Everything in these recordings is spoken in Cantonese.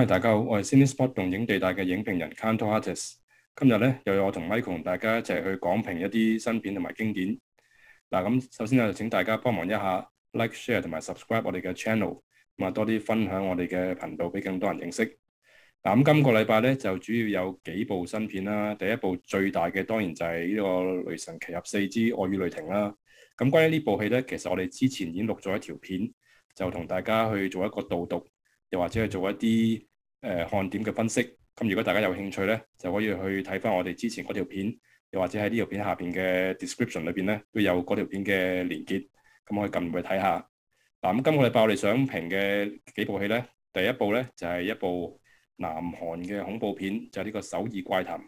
Hi，大家好，我係 Cinespot 動映地帶嘅影評人 Kantorates。今日咧又有我同 Michael 大家一齊去講評一啲新片同埋經典。嗱，咁首先啊，請大家幫忙一下 Like Share、Share 同埋 Subscribe 我哋嘅 Channel，咁啊多啲分享我哋嘅頻道俾更多人認識。嗱，咁今個禮拜咧就主要有幾部新片啦。第一部最大嘅當然就係呢個《雷神奇俠四之愛與雷霆》啦。咁關於呢部戲咧，其實我哋之前已經錄咗一條片，就同大家去做一個導讀，又或者係做一啲。誒、呃、看點嘅分析，咁如果大家有興趣咧，就可以去睇翻我哋之前嗰條片，又或者喺呢條片下邊嘅 description 裏邊咧，都有嗰條片嘅連結，咁可以撳入去睇下。嗱，咁今個禮拜我哋想評嘅幾部戲咧，第一部咧就係、是、一部南韓嘅恐怖片，就係、是、呢個《首爾怪談》。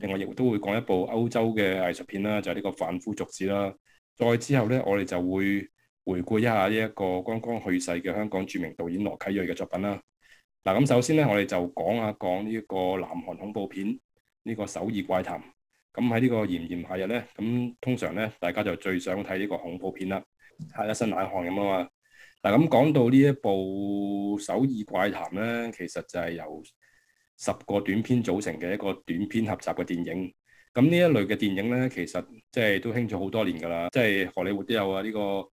另外亦都會講一部歐洲嘅藝術片啦，就係、是、呢個《販膚俗子》啦。再之後咧，我哋就會回顧一下呢一個剛剛去世嘅香港著名導演羅啟銳嘅作品啦。嗱咁，首先咧，我哋就講下講呢一個南韓恐怖片，呢個《首爾怪談》。咁喺呢個炎炎夏日咧，咁通常咧，大家就最想睇呢個恐怖片啦，嚇一身冷汗咁啊嘛。嗱咁講到呢一部《首爾怪談》咧，其實就係由十個短篇組成嘅一個短篇合集嘅電影。咁呢一類嘅電影咧，其實即係都興咗好多年㗎啦，即係荷里活都有啊呢個。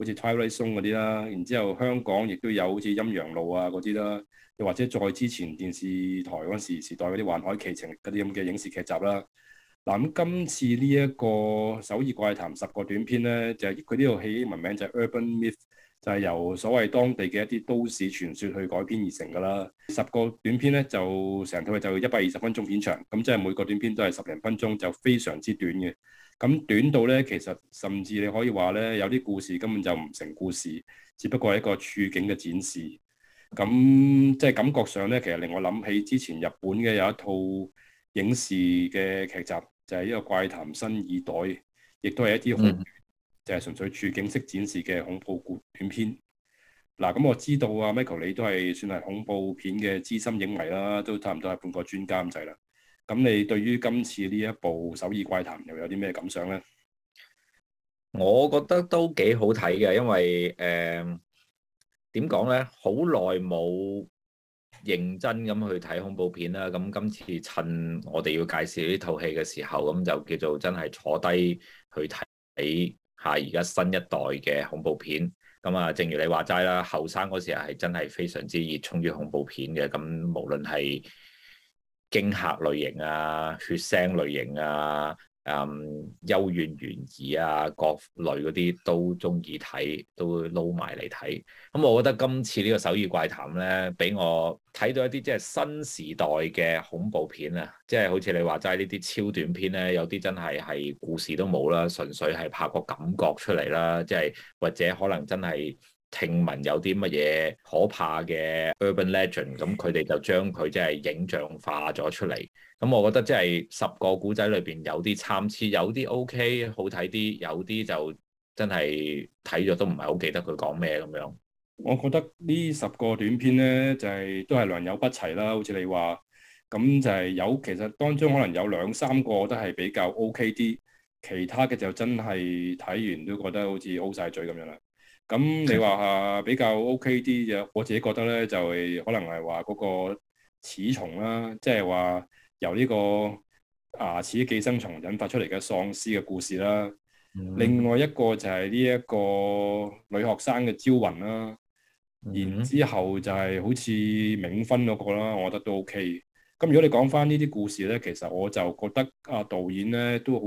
好似《Twilight Zone》嗰啲啦，然之後香港亦都有好似《陰陽路》啊嗰啲啦，又或者再之前電視台嗰時時代嗰啲《環海奇情》嗰啲咁嘅影視劇集啦。嗱咁今次呢、這、一個《首爾怪談》十個短篇咧，就係佢呢度英文名就係、是《Urban Myth》。就係由所謂當地嘅一啲都市傳說去改編而成㗎啦。十個短片咧就成套就一百二十分鐘片長，咁即係每個短片都係十零分鐘，就非常之短嘅。咁短到咧，其實甚至你可以話咧，有啲故事根本就唔成故事，只不過係一個處境嘅展示。咁即係感覺上咧，其實令我諗起之前日本嘅有一套影視嘅劇集，就係、是《一個怪談新耳袋》，亦都係一啲好。就係純粹處境式展示嘅恐怖短片，片。嗱、啊，咁我知道啊，Michael 你都係算係恐怖片嘅資深影迷啦，都差唔多係半個專家咁滯啦。咁你對於今次呢一部《首爾怪談》又有啲咩感想呢？我覺得都幾好睇嘅，因為誒點講呢？好耐冇認真咁去睇恐怖片啦。咁今次趁我哋要介紹呢套戲嘅時候，咁就叫做真係坐低去睇。係而家新一代嘅恐怖片，咁啊，正如你話齋啦，後生嗰時係真係非常之熱衷於恐怖片嘅，咁無論係驚嚇類型啊、血腥類型啊。誒幽怨懸疑啊，各類嗰啲都中意睇，都撈埋嚟睇。咁、嗯、我覺得今次呢個《首爾怪談》咧，俾我睇到一啲即係新時代嘅恐怖片啊，即係好似你話齋呢啲超短片咧，有啲真係係故事都冇啦，純粹係拍個感覺出嚟啦，即係或者可能真係。聽聞有啲乜嘢可怕嘅 urban legend，咁佢哋就將佢即係影像化咗出嚟。咁我覺得即係十個古仔裏邊有啲參差，有啲 O K 好睇啲，有啲就真係睇咗都唔係好記得佢講咩咁樣。我覺得呢十個短片呢，就係都係良莠不齊啦，好似你話咁就係有其實當中可能有兩三個都係比較 O K 啲，其他嘅就真係睇完都覺得好似 O 晒嘴咁樣啦。咁你話啊比較 OK 啲嘅，我自己覺得呢，就係、是、可能係話嗰個齒蟲啦，即係話由呢個牙齒寄生蟲引發出嚟嘅喪屍嘅故事啦。嗯、另外一個就係呢一個女學生嘅招魂啦，嗯、然之後就係好似冥婚嗰個啦，我覺得都 OK。咁如果你講翻呢啲故事呢，其實我就覺得啊導演呢都好，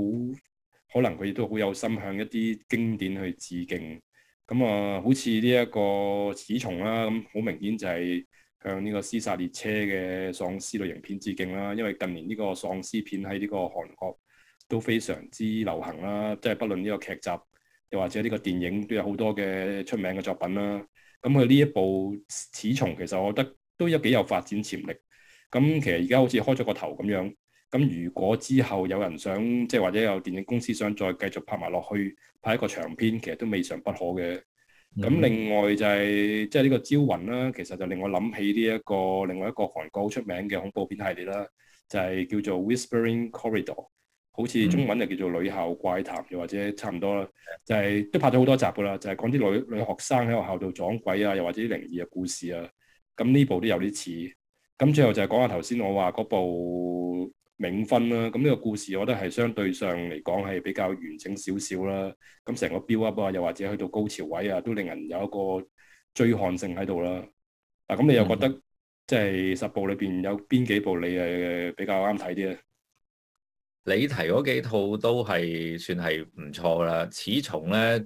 可能佢亦都好有心向一啲經典去致敬。咁啊，好似呢一個始從啦，咁好明顯就係向呢個屍殺列車嘅喪屍類型片致敬啦。因為近年呢個喪屍片喺呢個韓國都非常之流行啦，即係不論呢個劇集又或者呢個電影都有好多嘅出名嘅作品啦。咁佢呢一部始從，其實我覺得都有幾有發展潛力。咁其實而家好似開咗個頭咁樣。咁如果之後有人想，即係或者有電影公司想再繼續拍埋落去，拍一個長篇，其實都未嘗不可嘅。咁另外就係、是、即係呢個招魂啦，其實就令我諗起呢、這、一個另外一個韓國好出名嘅恐怖片系列啦，就係、是、叫做 Whispering Corridor，好似中文就叫做女校怪談，又、嗯、或者差唔多啦。就係、是、都拍咗好多集噶啦，就係、是、講啲女女學生喺學校度撞鬼啊，又或者靈異嘅故事啊。咁呢部都有啲似。咁最後就係講下頭先我話嗰部。冥婚啦，咁呢個故事我覺得係相對上嚟講係比較完整少少啦。咁成個 build up 啊，又或者去到高潮位啊，都令人有一個追看性喺度啦。嗱，咁你又覺得、嗯、即係十部裏邊有邊幾部你係比較啱睇啲咧？你提嗰幾套都係算係唔錯啦。始從咧，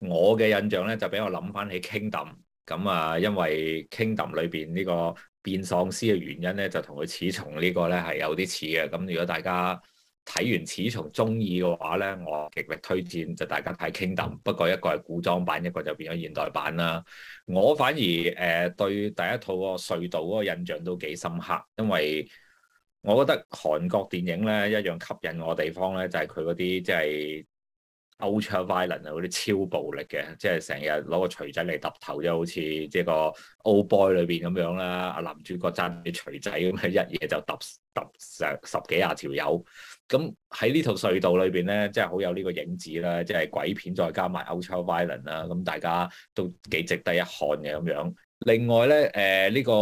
我嘅印象咧就畀我諗翻起 Kingdom、嗯。咁啊，因為 Kingdom 裏邊呢、這個。變喪屍嘅原因咧，就同佢始從呢個咧係有啲似嘅。咁如果大家睇完始從中意嘅話咧，我極力推薦就大家睇 Kingdom。不過一個係古裝版，一個就變咗現代版啦。我反而誒、呃、對第一套個隧道嗰個印象都幾深刻，因為我覺得韓國電影咧一樣吸引我嘅地方咧，就係佢嗰啲即係，就是 Ultra Violent 啊，嗰啲超暴力嘅，即係成日攞個錘仔嚟揼頭啫，好似即係個 Old Boy 裏邊咁樣啦。阿男主角揸住錘仔咁樣一嘢就揼揼成十幾廿條友。咁喺呢套隧道裏邊咧，即係好有呢個影子啦，即係鬼片再加埋 Ultra Violent 啦。咁大家都幾值得一看嘅咁樣。另外咧，誒、呃、呢、呢個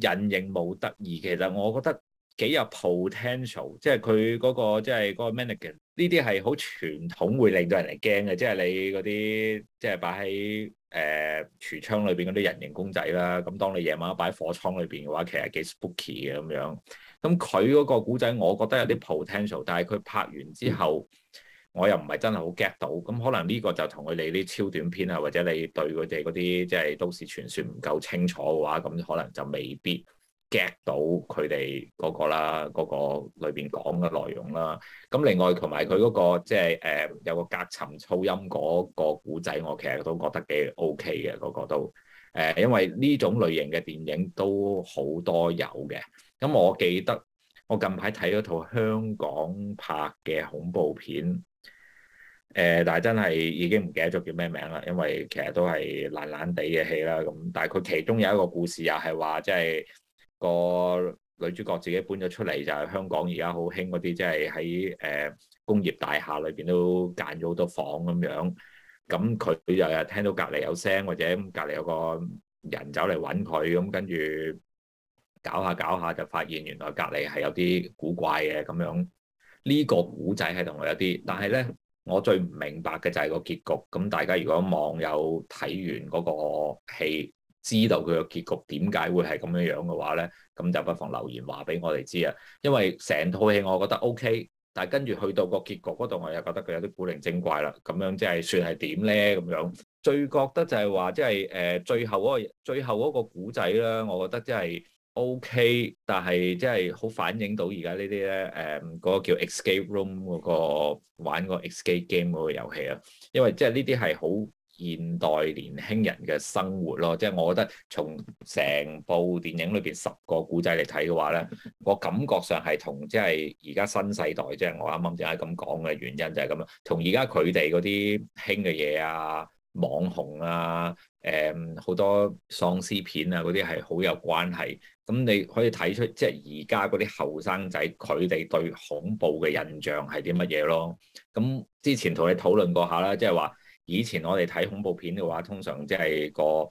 隱形冇得意其實我覺得。幾有 potential，即係佢嗰個即係嗰個 mannequin，呢啲係好傳統會令到人嚟驚嘅，即係你嗰啲即係擺喺誒櫥窗裏邊嗰啲人形公仔啦。咁當你夜晚擺喺貨倉裏邊嘅話，其實幾 spooky 嘅咁樣。咁佢嗰個古仔，我覺得有啲 potential，但係佢拍完之後，我又唔係真係好 get 到。咁可能呢個就同佢哋啲超短片啊，或者你對佢哋嗰啲即係都市傳說唔夠清楚嘅話，咁可能就未必。get 到佢哋嗰個啦，嗰、嗰個裏邊講嘅內容啦。咁另外同埋佢嗰個即係誒有個隔層噪音嗰個故仔，我其實都覺得幾 O K 嘅嗰個都誒，因為呢種類型嘅電影都好多有嘅。咁我記得我近排睇咗套香港拍嘅恐怖片，誒，但係真係已經唔記得咗叫咩名啦，因為其實都係爛爛地嘅戲啦。咁但係佢其中有一個故事又係話即係。個女主角自己搬咗出嚟，就係香港而家好興嗰啲，即係喺誒工業大廈裏邊都間咗好多房咁樣。咁佢就日日聽到隔離有聲或者隔離有個人走嚟揾佢，咁跟住搞下搞下就發現原來隔離係有啲古怪嘅咁樣。呢個古仔係同我有啲，但係呢，我最唔明白嘅就係個結局。咁大家如果網友睇完嗰個戲，知道佢個結局點解會係咁樣樣嘅話咧，咁就不妨留言話俾我哋知啊。因為成套戲我覺得 OK，但係跟住去到個結局嗰度，我又覺得佢有啲古靈精怪啦。咁樣即係算係點咧？咁樣最覺得就係話即係誒最後嗰個最後嗰個古仔啦，我覺得即係 OK，但係即係好反映到而家呢啲咧誒嗰個叫 Escape Room 嗰個玩個 Escape Game 嗰個遊戲啊。因為即係呢啲係好。現代年輕人嘅生活咯，即係我覺得從成部電影裏邊十個古仔嚟睇嘅話咧，我感覺上係同即係而家新世代，即係我啱啱先咁講嘅原因就係咁啦。同而家佢哋嗰啲興嘅嘢啊、網紅啊、誒好多喪屍片啊嗰啲係好有關係。咁你可以睇出即係而家嗰啲後生仔佢哋對恐怖嘅印象係啲乜嘢咯。咁之前同你討論過下啦，即係話。以前我哋睇恐怖片嘅話，通常即係個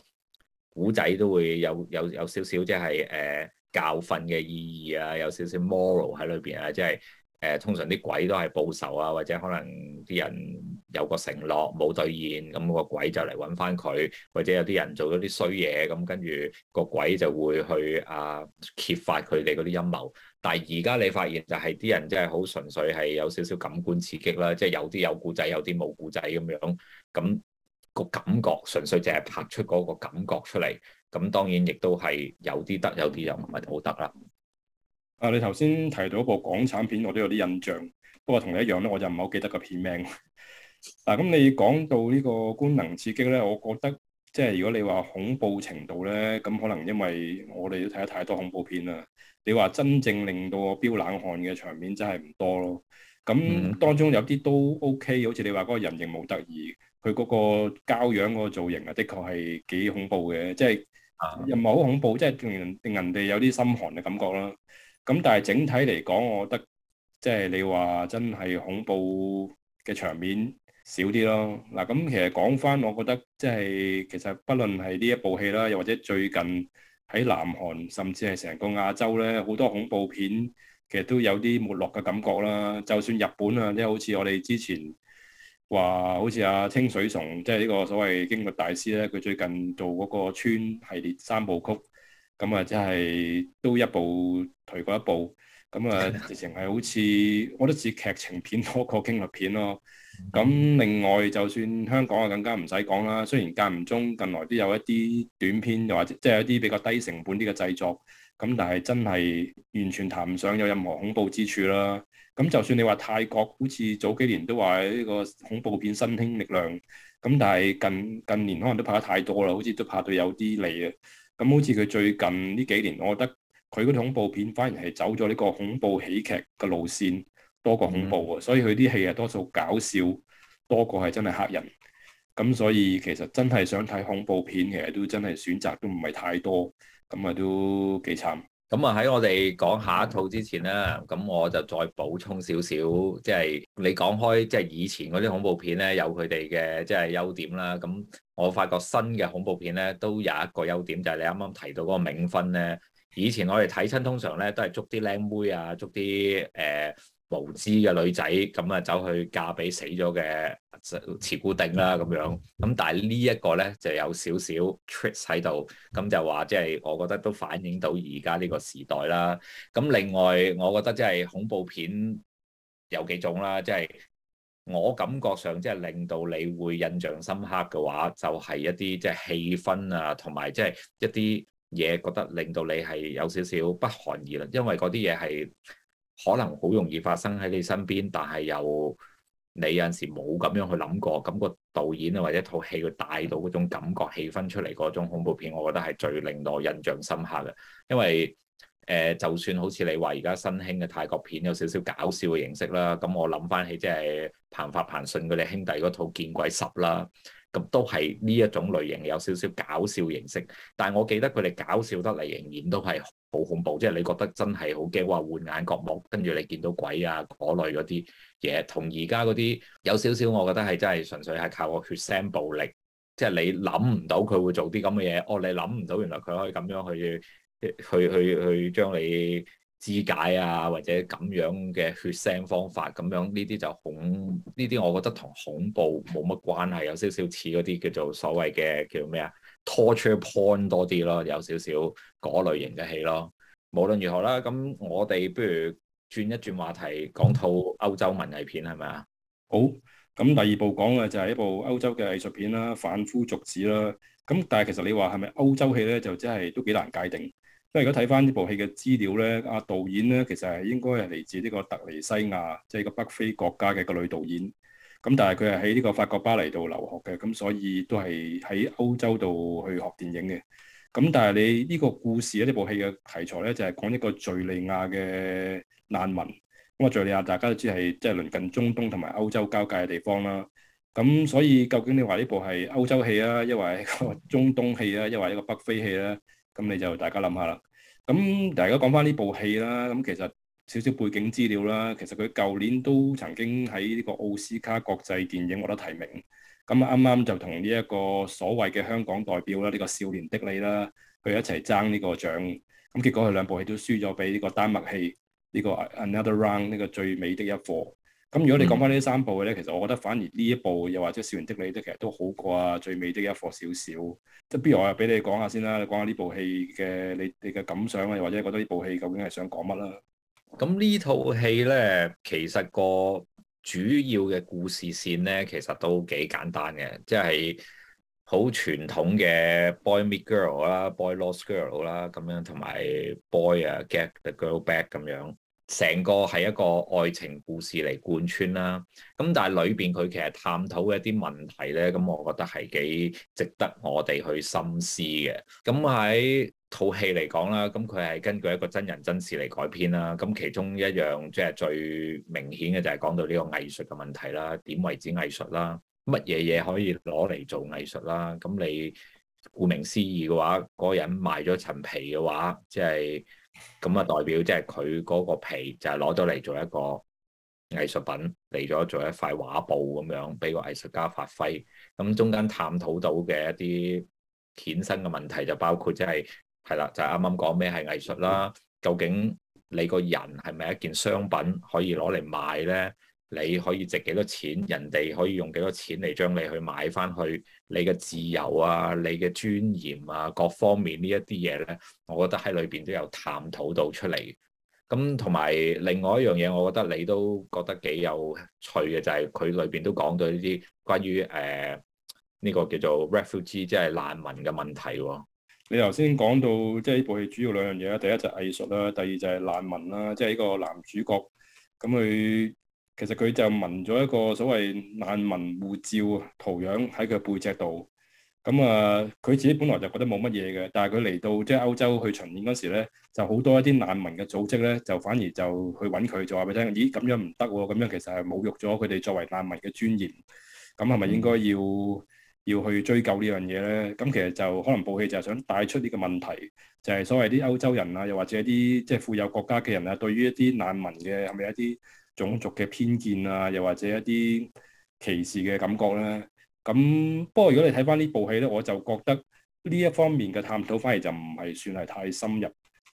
古仔都會有有有少少即係誒教訓嘅意義啊，有少少 moral 喺裏邊啊，即係誒通常啲鬼都係報仇啊，或者可能啲人有個承諾冇兌現，咁個鬼就嚟揾翻佢，或者有啲人做咗啲衰嘢，咁跟住個鬼就會去啊揭發佢哋嗰啲陰謀。但係而家你發現就係啲人真係好純粹係有少少感官刺激啦，即係有啲有古仔，有啲冇古仔咁樣。咁個感覺純粹淨係拍出嗰個感覺出嚟，咁當然亦都係有啲得，有啲又唔係好得啦。啊，你頭先提到一部港產片，我都有啲印象，不過同你一樣咧，我就唔係好記得個片名。嗱、 啊，咁你講到呢個官能刺激咧，我覺得即係如果你話恐怖程度咧，咁可能因為我哋都睇得太多恐怖片啦。你話真正令到我飆冷汗嘅場面真係唔多咯。咁當中有啲都 OK、嗯、好似你話嗰個人形冇得意。佢嗰個膠樣嗰個造型啊，的確係幾恐怖嘅，即係又唔係好恐怖，即係令人哋有啲心寒嘅感覺啦。咁但係整體嚟講，我覺得即係你話真係恐怖嘅場面少啲咯。嗱，咁其實講返，我覺得即係其實，不論係呢一部戲啦，又或者最近喺南韓，甚至係成個亞洲咧，好多恐怖片其實都有啲沒落嘅感覺啦。就算日本啊，即係好似我哋之前，話好似阿、啊、清水崇，即係呢個所謂驚慄大師咧，佢最近做嗰個《村》系列三部曲，咁啊即係都一部頹過一部，咁啊直情係好似我都似劇情片多過驚慄片咯。咁另外，就算香港啊更加唔使講啦，雖然間唔中近來都有一啲短片，又或者即係一啲比較低成本啲嘅製作，咁但係真係完全談唔上有任何恐怖之處啦。咁就算你話泰國好似早幾年都話呢個恐怖片新興力量，咁但係近近年可能都拍得太多啦，好似都拍到有啲膩啊。咁好似佢最近呢幾年，我覺得佢嗰啲恐怖片反而係走咗呢個恐怖喜劇嘅路線多過恐怖啊，所以佢啲戲啊多數搞笑多過係真係嚇人。咁所以其實真係想睇恐怖片，其實都真係選擇都唔係太多，咁啊都幾慘。咁啊，喺我哋講下一套之前咧，咁我就再補充少少，即係你講開，即係以前嗰啲恐怖片咧，有佢哋嘅即係優點啦。咁我發覺新嘅恐怖片咧都有一個優點，就係你啱啱提到嗰個冥婚咧。以前我哋睇親通常咧都係捉啲靚妹啊，捉啲誒，呃無知嘅女仔咁啊，走去嫁俾死咗嘅慈姑定啦咁樣。咁但係呢一個咧，就有少少 tricks 喺度。咁就話即係，我覺得都反映到而家呢個時代啦。咁另外，我覺得即係恐怖片有幾種啦。即係我感覺上即係令到你會印象深刻嘅話，就係一啲即係氣氛啊，同埋即係一啲嘢覺得令到你係有少少不寒而栗，因為嗰啲嘢係。可能好容易發生喺你身邊，但係又你有陣時冇咁樣去諗過。咁個導演啊，或者套戲佢帶到嗰種感覺氣氛出嚟嗰種恐怖片，我覺得係最令我印象深刻嘅。因為誒、呃，就算好似你話而家新興嘅泰國片有少少搞笑嘅形式啦，咁我諗翻起即係彭發、彭順佢哋兄弟嗰套《見鬼十》啦，咁都係呢一種類型有少少搞笑形式，但係我記得佢哋搞笑得嚟仍然都係。好恐怖，即係你覺得真係好驚話換眼角膜，跟住你見到鬼啊嗰類嗰啲嘢，同而家嗰啲有少少，我覺得係真係純粹係靠個血腥暴力，即係你諗唔到佢會做啲咁嘅嘢，哦，你諗唔到原來佢可以咁樣去去去去去將你肢解啊，或者咁樣嘅血腥方法，咁樣呢啲就恐，呢啲我覺得同恐怖冇乜關係，有少少似嗰啲叫做所謂嘅叫咩啊？拖出 porn 多啲咯，有少少嗰類型嘅戲咯。無論如何啦，咁我哋不如轉一轉話題，講套歐洲文藝片係咪啊？好，咁第二部講嘅就係一部歐洲嘅藝術片啦，《販膚俗子》啦。咁但係其實你話係咪歐洲戲咧，就真係都幾難界定。因為如果睇翻呢部戲嘅資料咧，阿導演咧其實係應該係嚟自呢個特尼西亞，即係個北非國家嘅個女導演。咁但係佢係喺呢個法國巴黎度留學嘅，咁所以都係喺歐洲度去學電影嘅。咁但係你呢個故事咧，呢部戲嘅題材咧就係講一個敍利亞嘅難民。咁啊敍利亞大家都知係即係鄰近中東同埋歐洲交界嘅地方啦。咁所以究竟你話呢部係歐洲戲啊，抑或係中東戲啊，抑或一個北非戲啦？咁你就大家諗下啦。咁大家講翻呢部戲啦，咁其實。少少背景資料啦，其實佢舊年都曾經喺呢個奧斯卡國際電影獲得提名，咁啱啱就同呢一個所謂嘅香港代表啦，呢個少年的你啦，佢一齊爭呢個獎，咁結果佢兩部戲都輸咗俾呢個丹麥戲，呢個 Another Round 呢個最美的一課。咁如果你講返呢三部嘅咧，嗯、其實我覺得反而呢一部又或者少年的你都其實都好過啊最美的一課少少。即係不如我又俾你講下先啦，你講下呢部戲嘅你你嘅感想啦，又或者覺得呢部戲究竟係想講乜啦？咁呢套戲咧，其實個主要嘅故事線咧，其實都幾簡單嘅，即係好傳統嘅 boy meet girl 啦，boy lost girl 啦，咁樣同埋 boy 啊 get the girl back 咁樣，成個係一個愛情故事嚟貫穿啦。咁但係裏邊佢其實探討嘅一啲問題咧，咁我覺得係幾值得我哋去深思嘅。咁喺套戲嚟講啦，咁佢係根據一個真人真事嚟改編啦。咁其中一樣即係最明顯嘅就係講到呢個藝術嘅問題啦。點為止藝術啦？乜嘢嘢可以攞嚟做藝術啦？咁你顧名思義嘅話，嗰個人賣咗層皮嘅話，即係咁啊，代表即係佢嗰個皮就係攞到嚟做一個藝術品嚟咗做一塊畫布咁樣，俾個藝術家發揮。咁中間探討到嘅一啲衍生嘅問題就包括即係。係啦，就係啱啱講咩係藝術啦。究竟你個人係咪一件商品可以攞嚟賣咧？你可以值幾多錢？人哋可以用幾多錢嚟將你去買翻去你嘅自由啊、你嘅尊嚴啊各方面呢一啲嘢咧，我覺得喺裏邊都有探討到出嚟。咁同埋另外一樣嘢，我覺得你都覺得幾有趣嘅，就係佢裏邊都講到呢啲關於誒呢、呃呢個叫做 refugee，即係難民嘅問題喎、哦。你頭先講到即係呢部戲主要兩樣嘢啦，第一就係藝術啦，第二就係難民啦。即係呢個男主角咁佢其實佢就紋咗一個所謂難民護照圖樣喺佢背脊度。咁啊，佢自己本來就覺得冇乜嘢嘅，但係佢嚟到即係歐洲去巡演嗰時咧，就好多一啲難民嘅組織咧，就反而就去揾佢，就話俾你聽：咦，咁樣唔得喎！咁樣其實係侮辱咗佢哋作為難民嘅尊嚴。咁係咪應該要？嗯要去追究呢樣嘢咧，咁其實就可能部戲就係想帶出呢個問題，就係所謂啲歐洲人啊，又或者一啲即係富有國家嘅人啊，對於一啲難民嘅係咪一啲種族嘅偏見啊，又或者一啲歧視嘅感覺咧。咁不過如果你睇翻呢部戲咧，我就覺得呢一方面嘅探討反而就唔係算係太深入，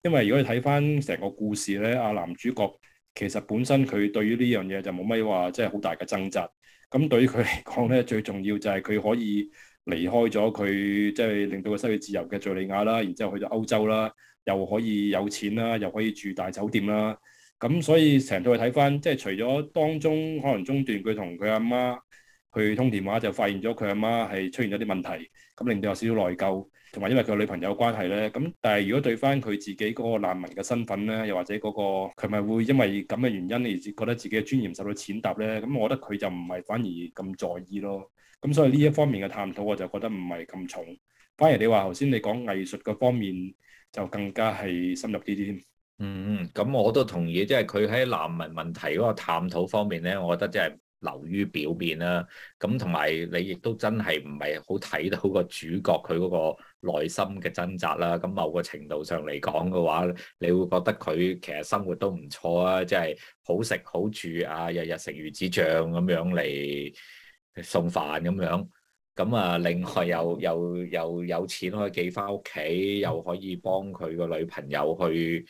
因為如果你睇翻成個故事咧，阿男主角其實本身佢對於呢樣嘢就冇乜話即係好大嘅掙扎。咁對於佢嚟講咧，最重要就係佢可以離開咗佢，即係令到佢失去自由嘅敘利亞啦，然之後去咗歐洲啦，又可以有錢啦，又可以住大酒店啦。咁所以成套去睇翻，即係除咗當中可能中段，佢同佢阿媽。佢通電話就發現咗佢阿媽係出現咗啲問題，咁令到有少少內疚，同埋因為佢女朋友關係咧，咁但係如果對翻佢自己嗰個難民嘅身份咧，又或者嗰個佢咪會因為咁嘅原因而覺得自己嘅尊嚴受到踐踏咧？咁我覺得佢就唔係反而咁在意咯。咁所以呢一方面嘅探討，我就覺得唔係咁重，反而你話頭先你講藝術嗰方面就更加係深入啲啲。嗯，咁我都同意，即係佢喺難民問題嗰個探討方面咧，我覺得即係。流於表面啦，咁同埋你亦都真係唔係好睇到個主角佢嗰個內心嘅掙扎啦。咁某個程度上嚟講嘅話，你會覺得佢其實生活都唔錯啊，即係好食好住啊，日日食魚子醬咁樣嚟送飯咁樣。咁啊，另外又又又又有錢可以寄翻屋企，又可以幫佢個女朋友去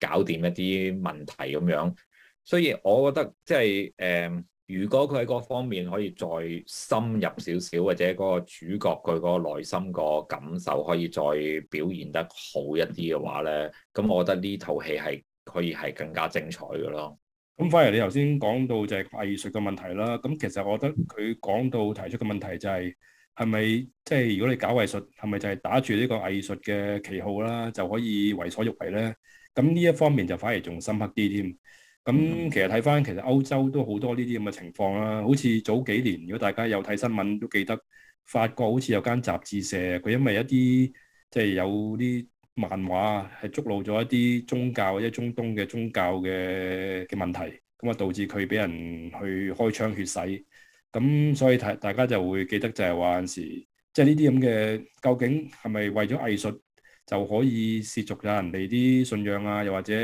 搞掂一啲問題咁樣。所以我覺得即係誒，就是嗯如果佢喺嗰方面可以再深入少少，或者嗰個主角佢嗰個內心個感受可以再表現得好一啲嘅話咧，咁我覺得呢套戲係可以係更加精彩嘅咯。咁反而你頭先講到就係藝術嘅問題啦。咁其實我覺得佢講到提出嘅問題就係，係咪即係如果你搞藝術，係咪就係打住呢個藝術嘅旗號啦，就可以為所欲為咧？咁呢一方面就反而仲深刻啲添。咁、嗯、其實睇翻，其實歐洲都好多呢啲咁嘅情況啦。好似早幾年，如果大家有睇新聞都記得，法國好似有間雜誌社，佢因為一啲即係有啲漫畫係觸怒咗一啲宗教或者中東嘅宗教嘅嘅問題，咁啊導致佢俾人去開槍血洗。咁所以睇大家就會記得就係話陣時，即係呢啲咁嘅究竟係咪為咗藝術就可以涉足咗人哋啲信仰啊？又或者？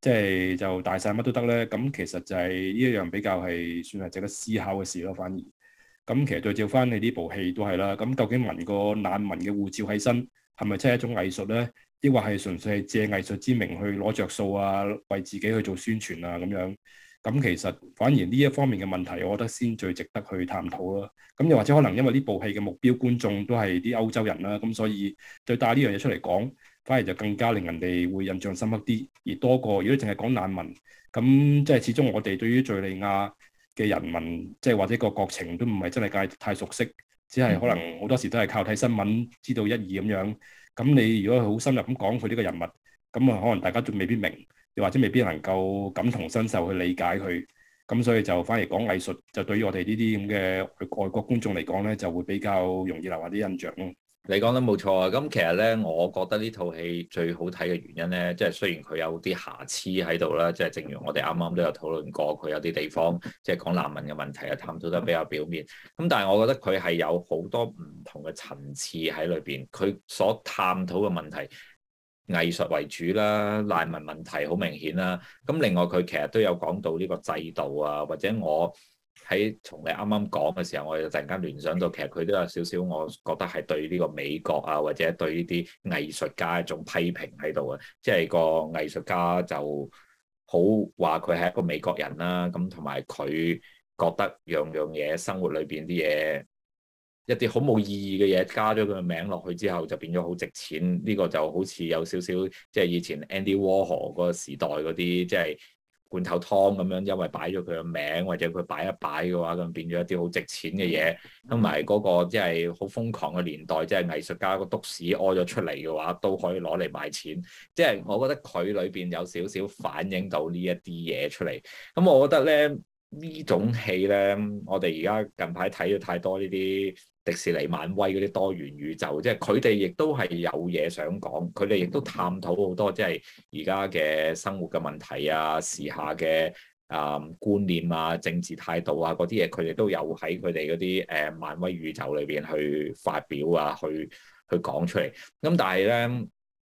即係就大晒乜都得咧，咁其實就係呢一樣比較係算係值得思考嘅事咯，反而咁其實對照翻你呢部戲都係啦，咁究竟紋個難民嘅護照起身係咪真係一種藝術咧？抑或係純粹係借藝術之名去攞着數啊，為自己去做宣傳啊咁樣，咁其實反而呢一方面嘅問題，我覺得先最值得去探討咯。咁又或者可能因為呢部戲嘅目標觀眾都係啲歐洲人啦，咁所以就帶呢樣嘢出嚟講。反而就更加令人哋會印象深刻啲，而多過如果淨係講難民，咁即係始終我哋對於敍利亞嘅人民，即係或者個國情都唔係真係太太熟悉，只係可能好多時都係靠睇新聞知道一二咁樣。咁你如果好深入咁講佢呢個人物，咁啊可能大家仲未必明，又或者未必能夠感同身受去理解佢。咁所以就反而講藝術，就對於我哋呢啲咁嘅外國觀眾嚟講咧，就會比較容易留下啲印象咯。你講得冇錯啊！咁其實咧，我覺得呢套戲最好睇嘅原因咧，即係雖然佢有啲瑕疵喺度啦，即係正如我哋啱啱都有討論過，佢有啲地方即係講難民嘅問題啊，探討得比較表面。咁但係我覺得佢係有好多唔同嘅層次喺裏邊，佢所探討嘅問題，藝術為主啦，難民問題好明顯啦。咁另外佢其實都有講到呢個制度啊，或者我。喺從你啱啱講嘅時候，我就突然間聯想到，其實佢都有少少，我覺得係對呢個美國啊，或者對呢啲藝術家一種批評喺度啊。即係個藝術家就好話，佢係一個美國人啦，啊。咁同埋佢覺得樣樣嘢生活裏邊啲嘢，一啲好冇意義嘅嘢，加咗佢個名落去之後，就變咗好值錢。呢、呢個就好似有少少，即係以前 Andy Warhol 個時代嗰啲，即係。罐頭湯咁樣，因為擺咗佢個名，或者佢擺一擺嘅話，咁變咗一啲好值錢嘅嘢，同埋嗰個即係好瘋狂嘅年代，即係藝術家個篤屎屙咗出嚟嘅話，都可以攞嚟賣錢。即係我覺得佢裏邊有少少反映到呢一啲嘢出嚟。咁我覺得咧，呢種戲咧，我哋而家近排睇咗太多呢啲。迪士尼、漫威嗰啲多元宇宙，即係佢哋亦都係有嘢想講，佢哋亦都探討好多，即係而家嘅生活嘅問題啊、時下嘅啊、嗯、觀念啊、政治態度啊嗰啲嘢，佢哋都有喺佢哋嗰啲誒漫威宇宙裏邊去發表啊，去去講出嚟。咁但係咧，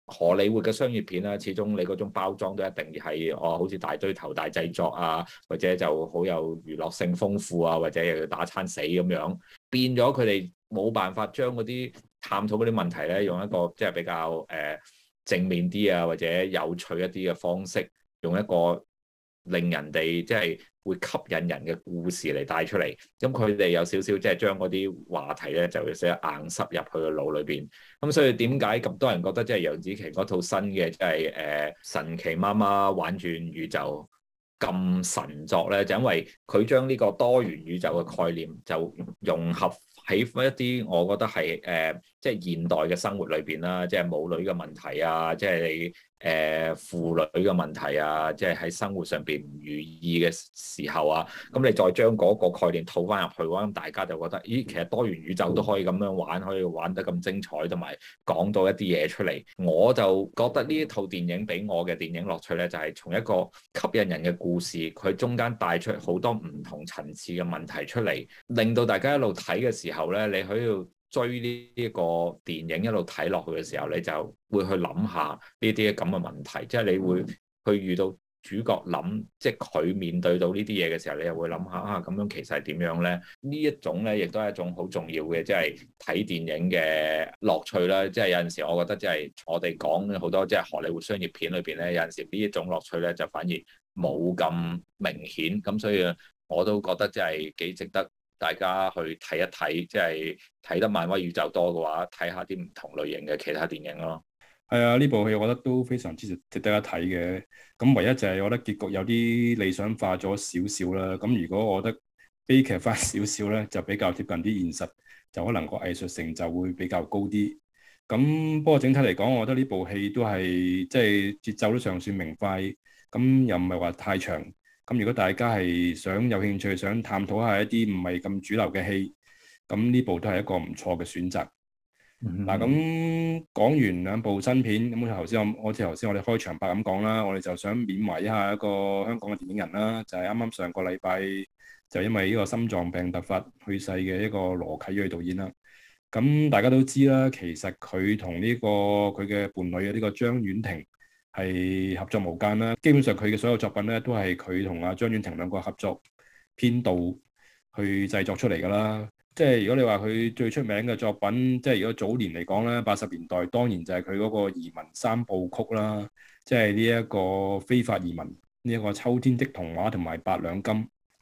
荷里活嘅商業片咧，始終你嗰種包裝都一定係哦，好似大堆頭大製作啊，或者就好有娛樂性豐富啊，或者又要打餐死咁樣。變咗佢哋冇辦法將嗰啲探討嗰啲問題咧，用一個即係比較誒、呃、正面啲啊，或者有趣一啲嘅方式，用一個令人哋即係會吸引人嘅故事嚟帶出嚟。咁佢哋有少少即係將嗰啲話題咧，就會寫硬塞入去個腦裏邊。咁所以點解咁多人覺得即係楊紫瓊嗰套新嘅即係誒神奇媽媽玩轉宇宙？咁神作咧，就因為佢將呢個多元宇宙嘅概念就融合喺一啲，我覺得係誒、呃即係現代嘅生活裏邊啦，即係母女嘅問題啊，即係你誒、呃、父女嘅問題啊，即係喺生活上邊唔如意嘅時候啊，咁你再將嗰個概念套翻入去，咁大家就覺得，咦，其實多元宇宙都可以咁樣玩，可以玩得咁精彩，同埋講到一啲嘢出嚟。我就覺得呢一套電影俾我嘅電影樂趣咧，就係、係、從一個吸引人嘅故事，佢中間帶出好多唔同層次嘅問題出嚟，令到大家一路睇嘅時候咧，你喺。要。追呢一個電影一路睇落去嘅時候，你就會去諗下呢啲咁嘅問題，即係你會去遇到主角諗，即係佢面對到呢啲嘢嘅時候，你又會諗下啊，咁樣其實係點樣呢？呢一種呢，亦都係一種好重要嘅，即係睇電影嘅樂趣啦。即係有陣時，我覺得即係我哋講好多即係荷里活商業片裏邊呢，有陣時呢一種樂趣呢，就反而冇咁明顯。咁所以我都覺得即係幾值得。大家去睇一睇，即係睇得漫威宇宙多嘅話，睇下啲唔同類型嘅其他電影咯。係啊，呢部戲我覺得都非常之值得一睇嘅。咁唯一就係我覺得結局有啲理想化咗少少啦。咁如果我覺得悲劇化少少咧，就比較貼近啲現實，就可能個藝術成就會比較高啲。咁不過整體嚟講，我覺得呢部戲都係即係節奏都尚算明快，咁又唔係話太長。咁如果大家係想有興趣，想探討一下一啲唔係咁主流嘅戲，咁呢部都係一個唔錯嘅選擇。嗱、嗯哼，咁講完兩部新片，咁頭先我好似頭先我哋開場白咁講啦，我哋就想緬懷一下一個香港嘅電影人啦，就係啱啱上個禮拜就因為呢個心臟病突發去世嘅一個羅啟銳導演啦。咁大家都知啦，其實佢同呢個佢嘅伴侶嘅呢、呢個張婉婷，係合作無間啦，基本上佢嘅所有作品咧都係佢同阿張婉婷兩個合作編導去製作出嚟㗎啦。即係如果你話佢最出名嘅作品，即係如果早年嚟講咧，八十年代當然就係佢嗰個《移民三部曲》啦。即係呢一個非法移民、呢一個《秋天的童話》同埋《八兩金》。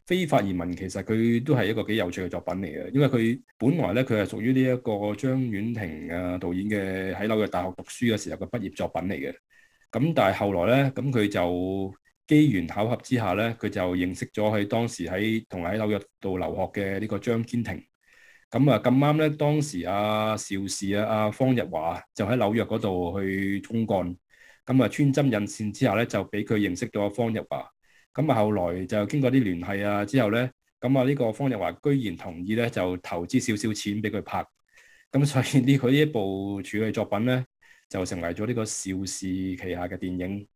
非法移民其實佢都係一個幾有趣嘅作品嚟嘅，因為佢本來咧佢係屬於呢一個張婉婷啊導演嘅喺紐約大學讀書嘅時候嘅畢業作品嚟嘅。咁但係後來咧，咁佢就機緣巧合之下咧，佢就認識咗佢當時喺同喺紐約度留學嘅呢個張堅庭。咁啊咁啱咧，當時啊邵氏啊、阿、啊、方逸華就喺紐約嗰度去公幹。咁啊穿針引線之下咧，就俾佢認識咗、啊、方逸華。咁啊後來就經過啲聯繫啊之後咧，咁啊呢個方逸華居然同意咧就投資少少錢俾佢拍。咁所以呢佢呢一部處女作品咧，就成為咗呢個邵氏旗下嘅電影，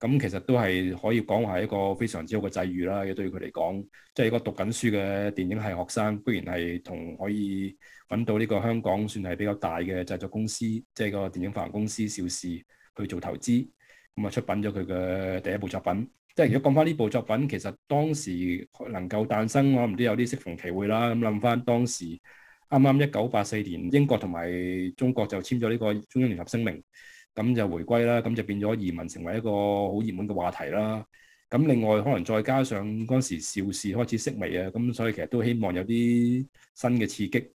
咁其實都係可以講話係一個非常之好嘅際遇啦。嘅對於佢嚟講，即係一個讀緊書嘅電影係學生，居然係同可以揾到呢個香港算係比較大嘅製作公司，即係個電影發行公司邵氏去做投資，咁啊出品咗佢嘅第一部作品。即係如果講翻呢部作品，其實當時能夠誕生，我唔知有啲適逢其會啦。咁諗翻當時。啱啱一九八四年，英國同埋中國就簽咗呢個《中英聯合聲明》，咁就回歸啦，咁就變咗移民成為一個好熱門嘅話題啦。咁另外可能再加上嗰時邵氏開始式微啊，咁所以其實都希望有啲新嘅刺激，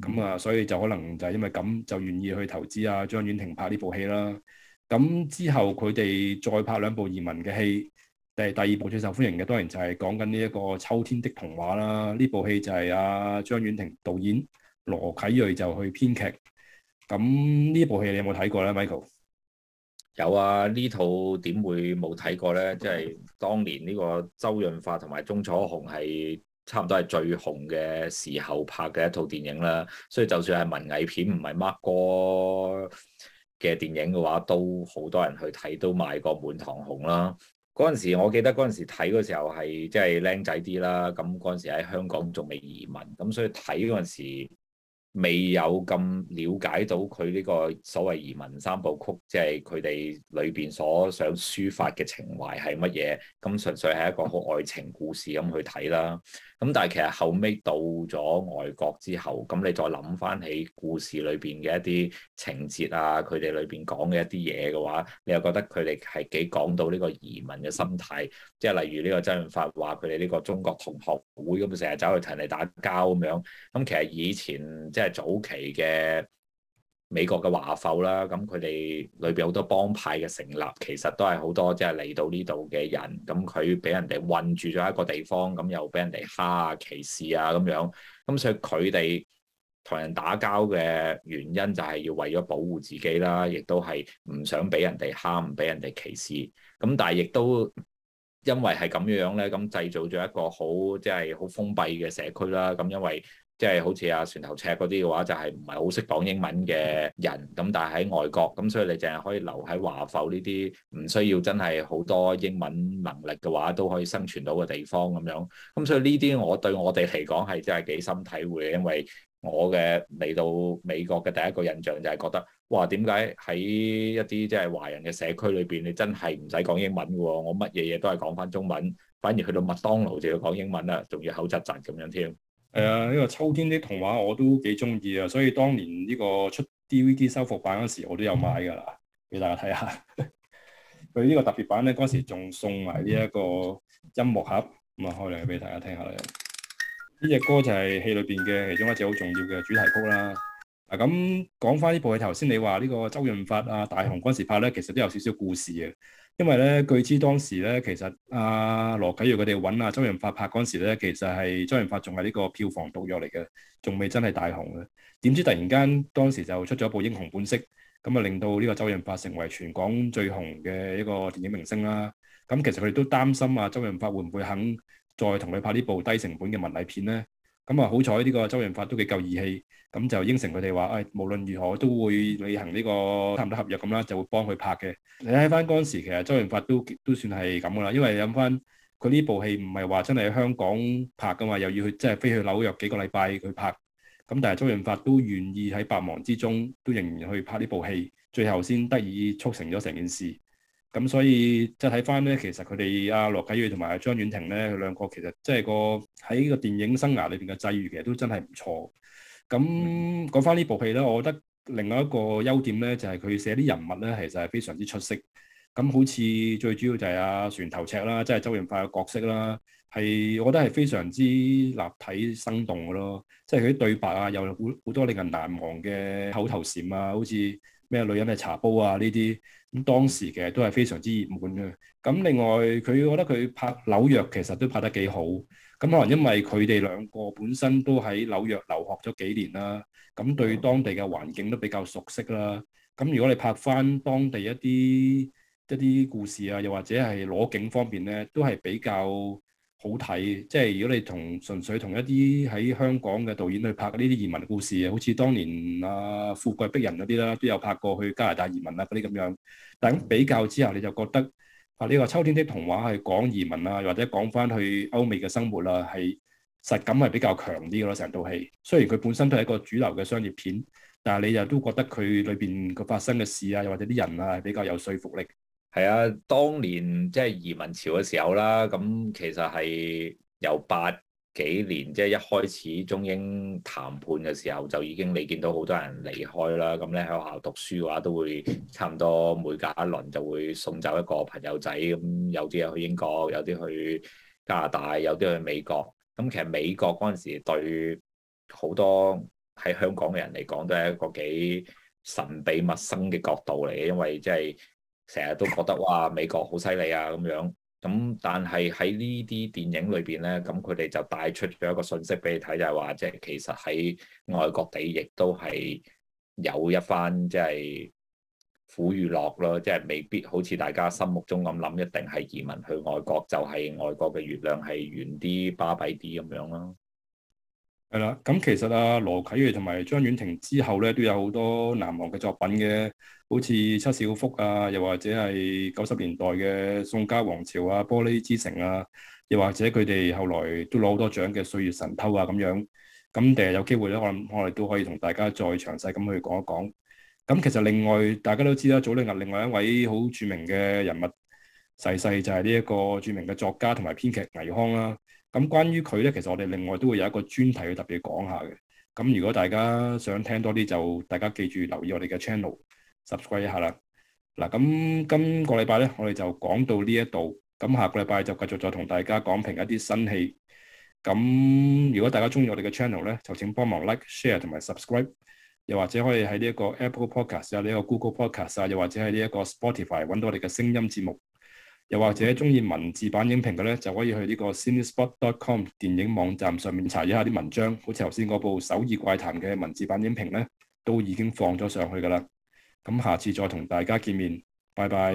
咁啊，所以就可能就係因為咁就願意去投資啊張婉婷拍呢部戲啦。咁之後佢哋再拍兩部移民嘅戲。第第二部最受歡迎嘅，當然就係講緊呢一個秋天的童話啦。呢部戲就係阿張婉婷導演，羅啟銳就去編劇。咁呢部戲你有冇睇過咧，Michael？有啊，呢套點會冇睇過咧？即係當年呢個周潤發同埋鍾楚紅係差唔多係最紅嘅時候拍嘅一套電影啦。所以就算係文藝片，唔係 Mark 哥嘅電影嘅話，都好多人去睇，都賣過滿堂紅啦。嗰陣時，我記得嗰陣時睇嗰時候係即係靚仔啲啦，咁嗰陣時喺香港仲未移民，咁所以睇嗰陣時。未有咁了解到佢呢個所謂移民三部曲，即係佢哋裏邊所想抒發嘅情懷係乜嘢，咁純粹係一個好愛情故事咁去睇啦。咁但係其實後尾到咗外國之後，咁你再諗翻起故事裏邊嘅一啲情節啊，佢哋裏邊講嘅一啲嘢嘅話，你又覺得佢哋係幾講到呢個移民嘅心態，即係例如呢個周潤發話，佢哋呢個中國同學會咁成日走去同人哋打交咁樣，咁其實以前即即係早期嘅美國嘅華埠啦，咁佢哋裏邊好多幫派嘅成立，其實都係好多即係嚟到呢度嘅人，咁佢俾人哋困住咗一個地方，咁又俾人哋蝦啊、歧視啊咁樣，咁所以佢哋同人打交嘅原因就係要為咗保護自己啦，亦都係唔想俾人哋蝦、唔俾人哋歧視，咁但係亦都因為係咁樣咧，咁製造咗一個好即係好封閉嘅社區啦，咁因為，即係好似阿船頭尺嗰啲嘅話，就係唔係好識講英文嘅人咁，但係喺外國咁，所以你淨係可以留喺華埠呢啲唔需要真係好多英文能力嘅話，都可以生存到嘅地方咁樣。咁所以呢啲我對我哋嚟講係真係幾深體會。因為我嘅嚟到美國嘅第一個印象就係覺得，哇，點解喺一啲即係華人嘅社區裏邊，你真係唔使講英文嘅喎，我乜嘢嘢都係講返中文，反而去到麥當勞就要講英文啦，仲要口窒窒咁樣添。誒，呢、嗯呢個秋天的童話我都幾中意啊，所以當年呢個出 DVD 修復版嗰時，我都有買噶啦，俾大家睇下。佢 呢個特別版咧，嗰時仲送埋呢一個音樂盒，咁啊開嚟俾大家聽下啦。呢隻歌就係戲裏邊嘅其中一隻好重要嘅主題曲啦。啊，咁講翻呢部戲，頭先你話呢個周潤發啊、大雄嗰時拍咧，其實都有少少故事嘅。因為咧，據知當時咧，其實阿、啊、羅啟銳佢哋揾阿周潤發拍嗰陣時咧，其實係周潤發仲係呢個票房毒藥嚟嘅，仲未真係大紅嘅。點知突然間當時就出咗一部《英雄本色》，咁啊令到呢個周潤發成為全港最紅嘅一個電影明星啦。咁其實佢哋都擔心啊，周潤發會唔會肯再同佢拍呢部低成本嘅文藝片咧？咁啊，好彩呢個周潤發都幾夠義氣，咁就應承佢哋話，誒、哎、無論如何都會履行呢個差唔多合約咁啦，就會幫佢拍嘅。你睇翻嗰陣時，其實周潤發都都算係咁噶啦，因為諗翻佢呢部戲唔係話真係喺香港拍噶嘛，又要去即係飛去紐約幾個禮拜去拍。咁但係周潤發都願意喺百忙之中，都仍然去拍呢部戲，最後先得以促成咗成件事。咁所以即係睇翻咧，其實佢哋阿羅啟銳同埋張婉婷咧兩個其實即係個喺個電影生涯裏邊嘅際遇，其實都真係唔錯。咁講翻呢部戲咧，我覺得另外一個優點咧就係佢寫啲人物咧，其實係非常之出色。咁好似最主要就係阿、啊、船頭尺啦，即係周潤發嘅角色啦，係我覺得係非常之立體生動嘅咯。即係佢啲對白啊，有好好多令人難忘嘅口頭禪啊，好似～咩女人嘅茶煲啊呢啲，咁當時嘅都係非常之熱門嘅。咁另外，佢覺得佢拍紐約其實都拍得幾好。咁可能因為佢哋兩個本身都喺紐約留學咗幾年啦，咁對當地嘅環境都比較熟悉啦。咁如果你拍翻當地一啲一啲故事啊，又或者係攞景方面咧，都係比較。好睇，即係如果你同純粹同一啲喺香港嘅導演去拍呢啲移民故事，好似當年啊《富貴逼人》嗰啲啦，都有拍過去加拿大移民啊嗰啲咁樣。但比較之後，你就覺得啊，呢個《秋天的童話》係講移民啊，或者講翻去歐美嘅生活啊，係實感係比較強啲嘅咯，成套戲。雖然佢本身都係一個主流嘅商業片，但係你又都覺得佢裏邊個發生嘅事啊，又或者啲人啊，係比較有說服力。係啊，當年即係移民潮嘅時候啦，咁其實係由八幾年即係、就是、一開始中英談判嘅時候就已經你見到好多人離開啦。咁咧喺學校讀書嘅話，都會差唔多每隔一輪就會送走一個朋友仔。咁有啲去英國，有啲去加拿大，有啲去美國。咁其實美國嗰陣時對好多喺香港嘅人嚟講，都係一個幾神秘陌生嘅角度嚟嘅，因為即係。成日都覺得哇，美國好犀利啊，咁樣，咁但係喺呢啲電影裏邊咧，咁佢哋就帶出咗一個信息俾你睇，就係話即係其實喺外國地亦都係有一番即係苦與樂咯，即係未必好似大家心目中咁諗，一定係移民去外國就係外國嘅月亮係圓啲、巴閉啲咁樣咯。係啦，咁其實啊，羅啟銳同埋張婉婷之後咧，都有好多難忘嘅作品嘅，好似《七小福》啊，又或者係九十年代嘅《宋家皇朝》啊，《玻璃之城》啊，又或者佢哋後來都攞好多獎嘅《歲月神偷》啊咁樣，咁第日有機會咧，我諗我哋都可以同大家再詳細咁去講一講。咁其實另外大家都知啦，早兩日另外一位好著名嘅人物逝世就係呢一個著名嘅作家同埋編劇倪匡啦。咁關於佢咧，其實我哋另外都會有一個專題去特別講下嘅。咁如果大家想聽多啲，就大家記住留意我哋嘅 channel，subscribe 一下啦。嗱，咁今個禮拜咧，我哋就講到呢一度。咁下個禮拜就繼續再同大家講評一啲新戲。咁如果大家中意我哋嘅 channel 咧，就請幫忙 like、share 同埋 subscribe。又或者可以喺呢一個 Apple Podcast 啊、呢個 Google Podcast 啊，又或者喺呢一個 Spotify 揾到我哋嘅聲音節目。又或者中意文字版影評嘅咧，就可以去呢個 cinespot.com 電影網站上面查一下啲文章，好似頭先嗰部《首爾怪談》嘅文字版影評咧，都已經放咗上去㗎喇。咁下次再同大家見面，拜拜。